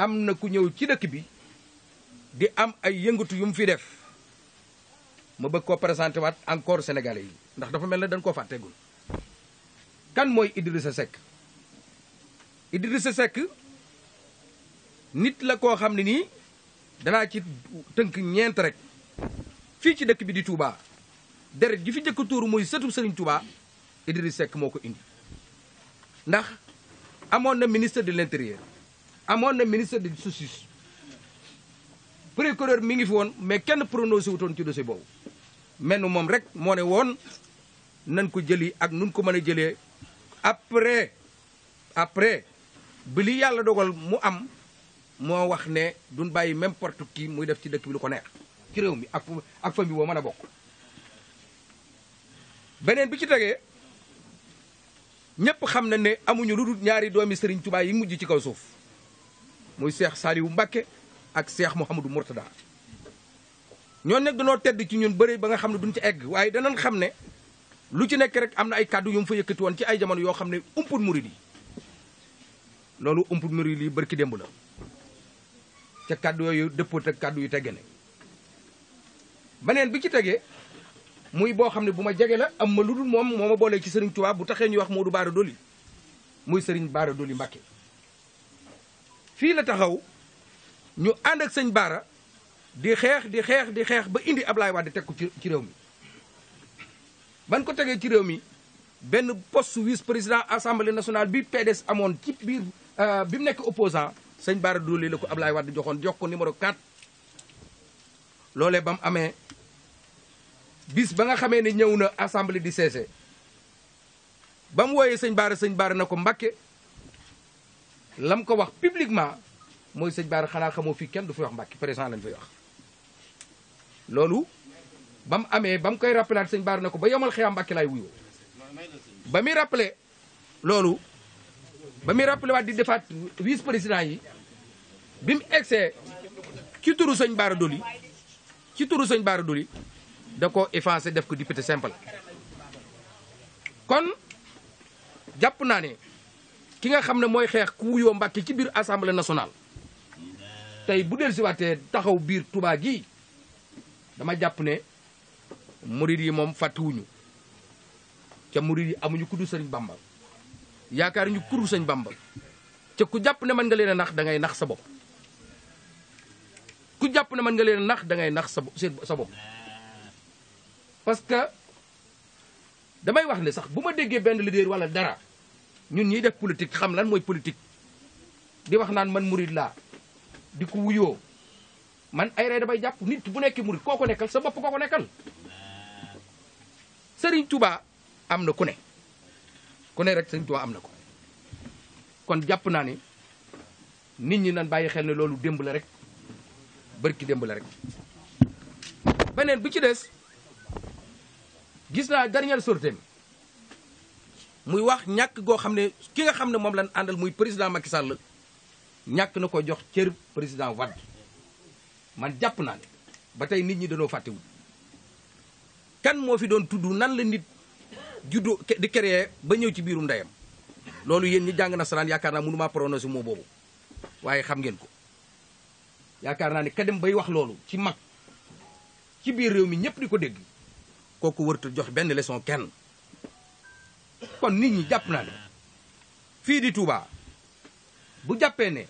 am na ku ñëw ci dëkk bi di am ay yëngatu yu mu fi def ma bëgg koo présenté waat encore sénégalais yi ndax dafa mel ne dañ koo fàtteegul kan mooy sa Idrissa Seck sa Seck nit la koo xam ne nii danaa ci tënk ñeent rek fii ci dëkk bi di Touba deret ji fi njëkk tuur muy sëtu Serigne Touba Idrissa Seck moo ko indi ndax amoon na ministre de l'intérieur amoon na ministre de justice procureur mi ngi fi woon mais kenn prononcé wutoon ci dossier boobu nu moom rek moo ne woon nan ko jëli ak nun ko mën a jëlee après après bi li yàlla dogal mu am moo wax ne duñ bàyyi même porte kii muy def ci dëkk bi lu ko neex ci réew mi ak ak famille boo mën a bokk beneen bi ci tegee ñëpp xam na ne amuñu lu dul ñaari doomi Serigne tubaay yi mujj ci kaw suuf muy seex Saaliwu Mbàkke ak seex Mouhamadou Mourtada ñoo nekk danoo tedd ci ñun bëri ba nga xam ne duñ ci egg waaye danañ xam ne lu ci nekk rek am na ay kàddu yu mu fa yëkkati woon ci ay jamono yoo xam ne umpul murid yi loolu umpul murid yi bërki démb la ca kàddu yooyu dëppoot ak kàddu yu tegge ne beneen bi ci tegee muy boo xam ne bu ma jege la am ma lu dul moom moo ma boolee ci Serigne Touba bu taxee ñuy wax Modou Bara Doli muy sëriñ Bara Doli Mbacke fii la taxaw ñu ànd ak sëñ Baara di xeex di xeex di xeex ba indi Ablaye Wade teg ko ci ci réew mi. ban ko tegee ci réew mi benn post vice président assemblée nationale bi PDS amoon ci biir euh, bi mu nekk opposant sëñ Baara Doole la ko Ablaye Wade joxoon jox ko numéro 4. loole ba mu amee bis ba nga xamee ne ñëw na assemblée di cessé ba mu wooyee sëñ Baara sëñ Baara na ko mbake lam ko wax publiquement mooy sëñ Baara xanaa xamoo fii kenn du fi wax Mbàkke président lañ fay wax loolu ba mu amee ba mu koy rappelaat sëñ Baara na ko ba yomal xëyaam Mbàkke laay wuyoo ba muy rappelé loolu ba muy rappelé waat di defaat vice président yi bi mu egsee ci turu sëñ Baara Doli ci turu sëñ Baara Doli da ko effacé def ko député simple kon jàpp naa ne ki nga xam ne mooy xeex ku wuyoo Mbàkke ci biir assemblée nationale tey bu del siwaatee taxaw biir tubaa gii dama jàpp ne murid yi moom fàttewuñu ca murid yi amuñu ku dul sëriñ Bamba yaakaar ñu ku dul sëriñ Bamba ca ku jàpp ne mën nga leen a nax dangay nax sa bopp ku jàpp ne mën nga leen a nax da nax sa sa bopp parce que damay wax ne sax bu ma déggee benn leader wala dara ñun ñii def politique xam lan mooy politique di wax naan man murid laa di ko wuyoo man ay rey damay jàpp nit bu nekkee murid koo ko nekkal sa bopp koo ko nekkal Serigne am na ko ne ku ne rek Serigne Touba am na ko kon jàpp naa ni nit ñi nan bàyyi xel ne loolu démb la rek bërki démb la rek beneen bi ci des gis naa dernière sortie muy wax ñàkk goo xam ne ki nga xam ne moom lañ àndal muy président Macky Sall ñàkk na ko jox cër président Wade man jàpp naa ba tey nit ñi dañoo fàttewul kan moo fi doon tudd nan la nit juddu di créer ba ñëw ci biiru ndeyam loolu yéen ñi jàng nasaraan yaakaar naa mënumaa prononcé moo boobu waaye xam ngeen ko yaakaar naa ne ka dem bay wax loolu ci mag ci biir réew mi ñëpp di ko dégg kooku wërta jox benn leçon kenn kon nit ñi jàpp naa ne fii di tuubaa bu jàppee ne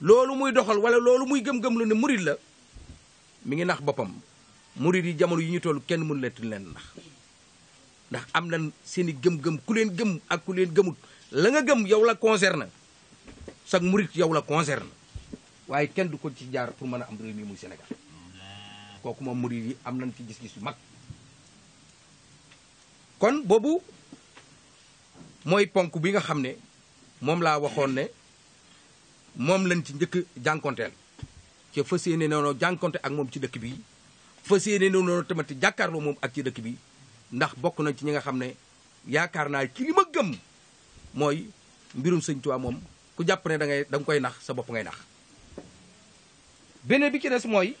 loolu muy doxal wala loolu muy gëm-gëm lu ne murid la mu ngi nax boppam murid yi jamono yi ñu toll kenn mënu leen leen nax ndax am nañ seen i gëm-gëm ku leen gëm ak ku leen gëmut la nga gëm yow la concerne sax murid yow la concerne waaye kenn du ko ci jaar pour mën a am réew mi muy Sénégal kooku moom murid yi am nañ ci gis-gis yu mag kon boobu mooy ponk bi nga xam ne moom laa waxoon ne moom lañ ci njëkk jànkonteel ca fas yéene noonu jànkonte ak moom ci dëkk bi fas yéene noonu tamit jàkkaarloo moom ak ci dëkk bi ndax bokk nañ ci ñi nga xam ne yaakaar naa ci li ma mooy mbirum sëñ moom ku jàpp ne danga ngay koy nax sa bopp ngay nax beneen bi ci des mooy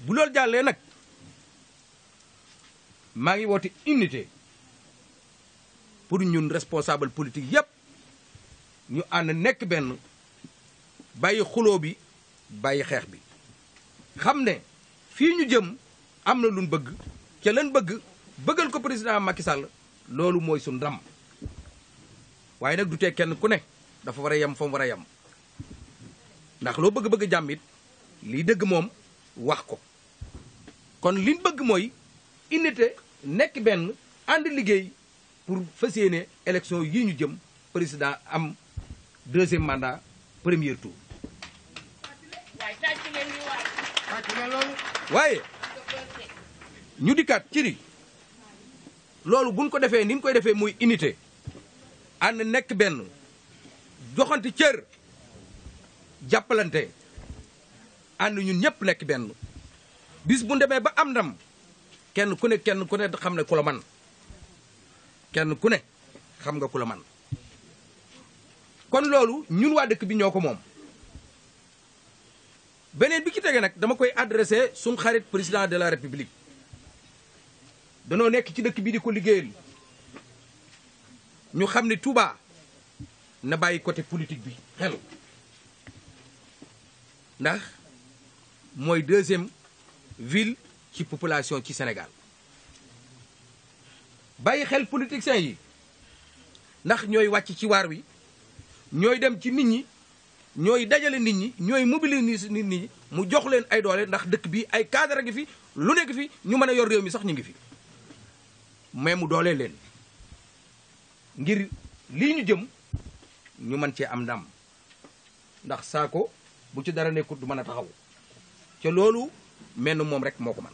bu loolu jàllee nag maa ngi woote unité pour ñun responsable politique yépp ñu ànd nekk benn bàyyi xuloo bi bàyyi xeex bi xam ne fii ñu jëm am na luñ bëgg ca lan bëgg bëggal ko président Macky Sall loolu mooy suñ ndam waaye nag du tee kenn ku ne dafa war a yem fa war a yem ndax loo bëgg-bëgg jàmm lii dëgg moom wax ko kon liñ bëgg mooy unité nekk benn ànd liggéey pour fas yéene élection yi ñu jëm président am deuxième mandat premier tour. waaye ñu dikkaat ci ni loolu buñ ko defee ni ñu koy defee muy unité ànd nekk benn joxante cër jàppalante ànd ñun ñëpp nekk benn bis bu demee ba am ndam kenn ku ne kenn ku ne xam ne ku man kenn ku ne xam nga ku la man kon loolu ñun waa dëkk bi ñoo ko moom beneen bi ki tegee nag dama koy adressé suñ xarit président de la république danoo nekk ci dëkk bi di ko liggéeyal ñu xam ne Touba na bàyyi côté politique bi xel ndax mooy deuxième ville ci population ci Sénégal bàyyi xel politiciens yi ndax ñooy wàcc ci waar wi ñooy dem ci nit ñi ñooy dajale nit ñi ñooy mobiliser nit ñi mu jox leen ay doole ndax dëkk bi ay cadre ngi fi lu nekk fi ñu mën a yor réew mi sax ñu ngi fi mais mu doolee leen ngir lii ñu jëm ñu mën cee am ndam ndax saako bu ci dara nekkut du mën a taxaw ca loolu menn moom rek moo ko man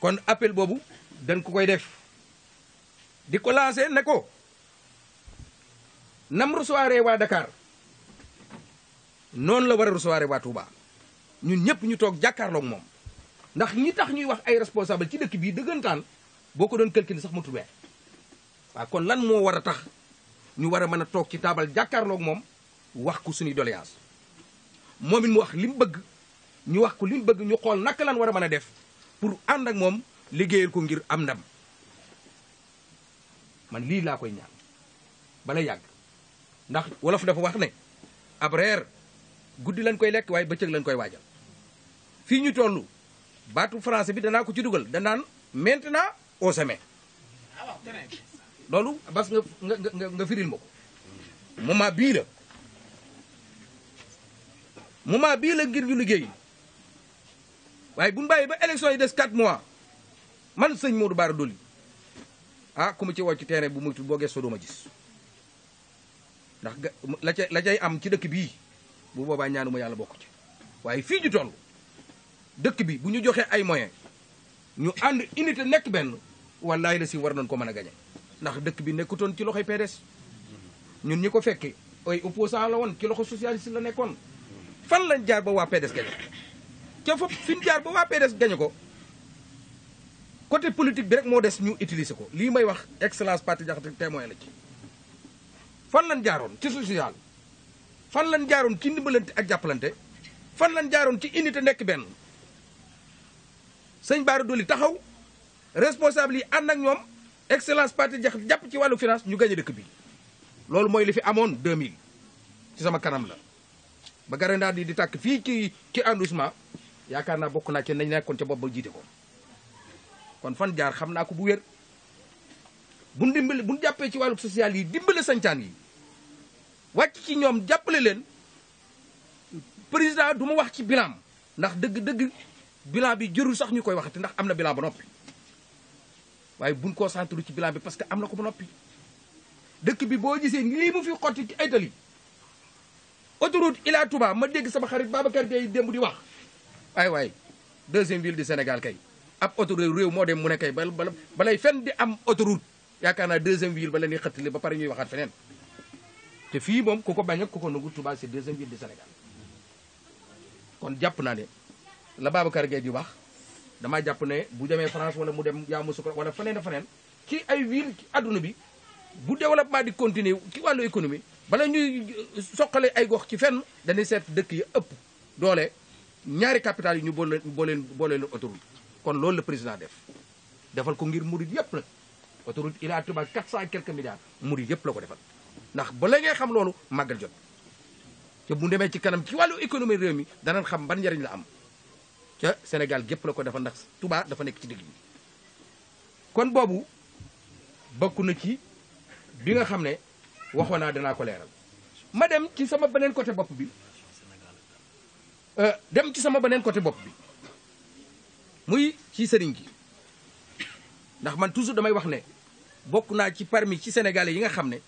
kon appel boobu dañ ko koy def di ko lancé ne ko nam recevoir waa Dakar noonu la war a recevoir waa Touba ñun ñëpp ñu toog jàkkaarloog moom ndax ñi tax ñuy wax ay responsable ci dëkk bii dëggantaan boo ko doon calculer sax matul weer waaw kon lan moo war a tax ñu war a mën a toog ci taabal jàkkaarloog moom wax ko suñuy doléance moom it mu wax li mu bëgg ñu wax ko li bëgg ñu xool naka lan war a mën a def pour ànd ak moom liggéeyal ko ngir am ndam man lii laa koy ñaan bala yàgg ndax wolof dafa wax ne ab reer guddi lañ koy lekk waaye bëccëg lañ koy waajal fii ñu toll baatu français bi danaa ko ci dugal danaan maintenant au sommet loolu bas nga nga nga firil ma ko bii la moment bii la ngir ñu liggéey waaye bu ñu bàyyi ba élection yi des 4 mois man sëñ Modou Bara Dolly ah ku mu ci wàcc terrain bu muytu boo gëstoo doo ma gis ndax la ca cay am ci dëkk bii bu boobaa ñaanuma yàlla bokk ci waaye fii ñu toll dëkk bi bu ñu joxee ay moyens ñu ànd unité nekk benn wallaay la si war nañ ko mën a gañe ndax dëkk bi nekkutoon ci loxo PDS ñun ñi ko fekke ay opposant la woon ci loxo socialiste la nekkoon fan lañ jaar ba waa PDS gañe ca fop fi ñu jaar ba waa PDS gañe ko côté politique bi rek moo des ñu utiliser ko lii may wax excellence parti Jaxate témoin la ci fan lan jaaroon ci social fan lan jaaroon ci ndimbalante ak jàppalante fan lan jaaroon ci unité nekk benn sëñ Bara Dolly taxaw responsable yi ànd ak ñoom excellence parti Jaxate jàpp ci wàllu finance ñu gañe dëkk bi loolu mooy li fi amoon 2000 ci sama kanam la ba garandaa di di tàkk fii ci ci arrondissement yaakaar naa bokk naa ci nañ nekkoon ca bopp ba jiite ko kon fan jaar xam naa ko bu wér buñ dimbali buñ jàppee ci wàllu social yi dimbale sancaan yi wàcc ci ñoom jàppale leen président du ma wax ci bilan ndax dëgg-dëgg bilan bi jërul sax ñu koy waxati ndax am na bilan ba noppi waaye buñ ko centre ci bilan bi parce que am na ko ba noppi dëkk bi boo gisee lii mu fi xotti ci ay tali autoroute Ila ma dégg sama xarit Babacar Gueye démb di wax waay waay deuxième ville du Sénégal kay ab autoroute réew moo dem mu ne kay bal bala balay fenn di am autoroute yaakaar naa deuxième ville ba la ñuy xëttali ba pare ñuy waxaat feneen te fii moom ku ko bañ ak ku ko nangu Touba deuxième ville du Sénégal kon jàpp naa ne la Babacar Gueye di wax damaa jàpp ne bu demee France wala mu dem Yamoussoukro wala feneen a feneen ki ay ville ci adduna bi bu développement di continuer ci wàllu économie bala ñuy euh, soqale ay gox ci fenn dañuy seet dëkk yi ëpp doole ñaari capital yi ñu booleen booleen booleen autoroute kon loolu la président def defal ko ngir murid yëpp la autoroute Ila Touba 400 et quelques milliards murid yëpp la ko defal ndax ba la ngay xam loolu màggal jot te bu demee ci kanam ci wàllu économie réew mi danañ xam ban njariñ la am ca Sénégal gépp la ko defal ndax Touba dafa nekk ci digg bi kon boobu bokk na ci bi nga xam ne waxoon naa danaa ko leeral ma dem ci sama beneen côté bopp bi euh, dem ci sama beneen côté bopp bi muy ci sëriñ gi ndax man toujours damay wax ne bokk naa ci parmi ci sénégalais yi nga xam ne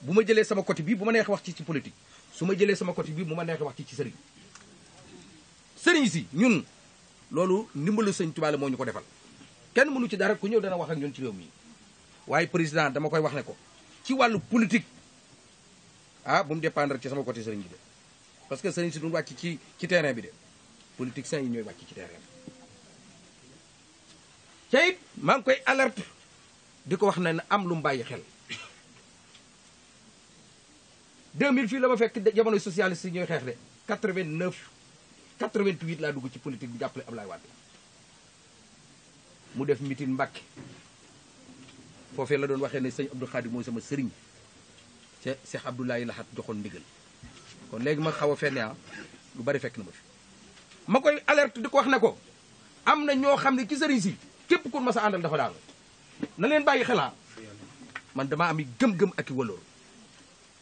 bu ma jëlee sama côté bii bu ma neex wax ci ci politique su ma jëlee sama bii bu ma neex wax ci ci sëriñ sëriñ si ñun loolu ndimbalu sëñ Tuubaa la moo ñu ko defal kenn mënu ci dara ku ñëw dana wax ak ñun ci réew mi waaye président dama koy wax ne ko ci wàllu politique ah bu mu dépendre ci sama côté sëriñ bi de parce que sëriñ si duñ wàcc ci ci terrain bi de politiciens yi ñooy wàcc ci terrain bi te it maa ngi koy alerte di ko wax ne na am lu mbàyyi bàyyi xel 2000 fii la ma fekk jamono socialiste si ñooy xeex de 89 laa dugg ci politique bu jàppale Ablaye Wade mu def mitin Mbàkke foofee la doon waxee ne sëñ Abdou Khadim sama sëriñ ca Cheikh Abdoulaye Lahat joxoon ndigal kon léegi ma xaw a fenn ah, lu bari fekk na ma fi ma koy alerte di ko wax na ko am na ñoo xam ne ci sëriñ si képp ku ma sa àndal dafa daal na leen bàyyi xelaa ah. man damaa am gëm-gëm ak i wëloor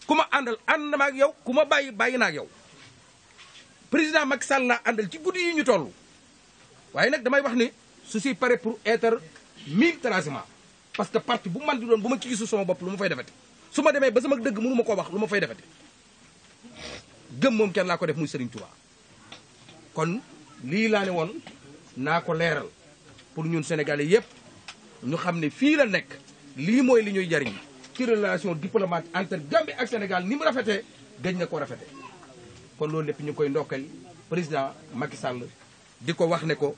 ku ma àndal ànd na ak yow ku ma bàyyi bàyyi naa yow président Macky Sall laa àndal ci guddi ñu toll waaye nag damay wax ne su si pare pour être mille tracement parce que parti bu man di doon bu ma ci sama bopp lu ma fay defete su demee ba sama dëgg mënu koo wax lu ma fay defete gëm moom kenn laa ko def muy Serigne Touba kon lii laa ne woon naa ko leeral pour ñun sénégalais yëpp ñu xam ne fii la nekk lii mooy li ñuy jariñ ci relation diplomate entre Gambie ak Sénégal ni mu rafetee gëj na ko rafete kon loolu lépp ñu koy ndokkal président Macky Sall di ko wax ne ko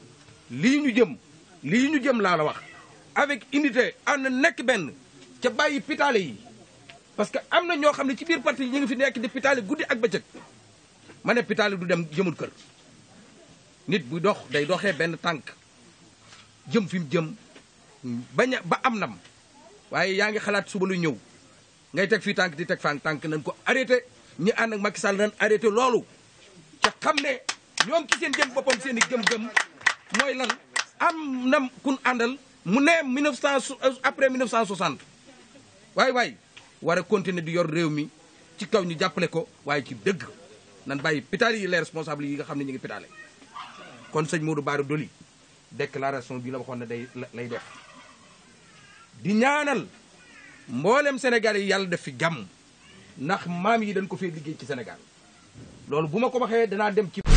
lii ñu jëm lii ñu jëm laa la wax avec unité ànd nekk benn ca bàyyi pitaale yi parce que am na ñoo xam ne ci biir parti yi ñu ngi fi nekk di pitaale guddi ak bëccëg ma ne pitaale du dem jëmul kër nit buy dox day doxee benn tànk jëm fi mu jëm bañ ba am nam waaye yaa ngi xalaat suba lu ñëw ngay teg fii tànk di teg fan tànk nañ ko arrêté ñi ànd ak Macky Sall nañ loolu ca xam ne ñoom ci seen jëm boppam seen i gëm-gëm mooy lan am nam kun àndal mu ne 1900 euh, après 1960 waay waay war a continuer di yor réew mi ci kaw ñu jàppale ko waaye ci dëgg nan bàyyi pitaal yi les responsables yi nga xam ne ñu ngi pitaale kon sëñ Modou Bara Dolly déclaration bi la waxoon ne day lay def di ñaanal mboolem Sénégal yi yàlla def fi jàmm ndax maam yi dañ ko fee liggéey ci Sénégal loolu bu ma ko waxee dem ci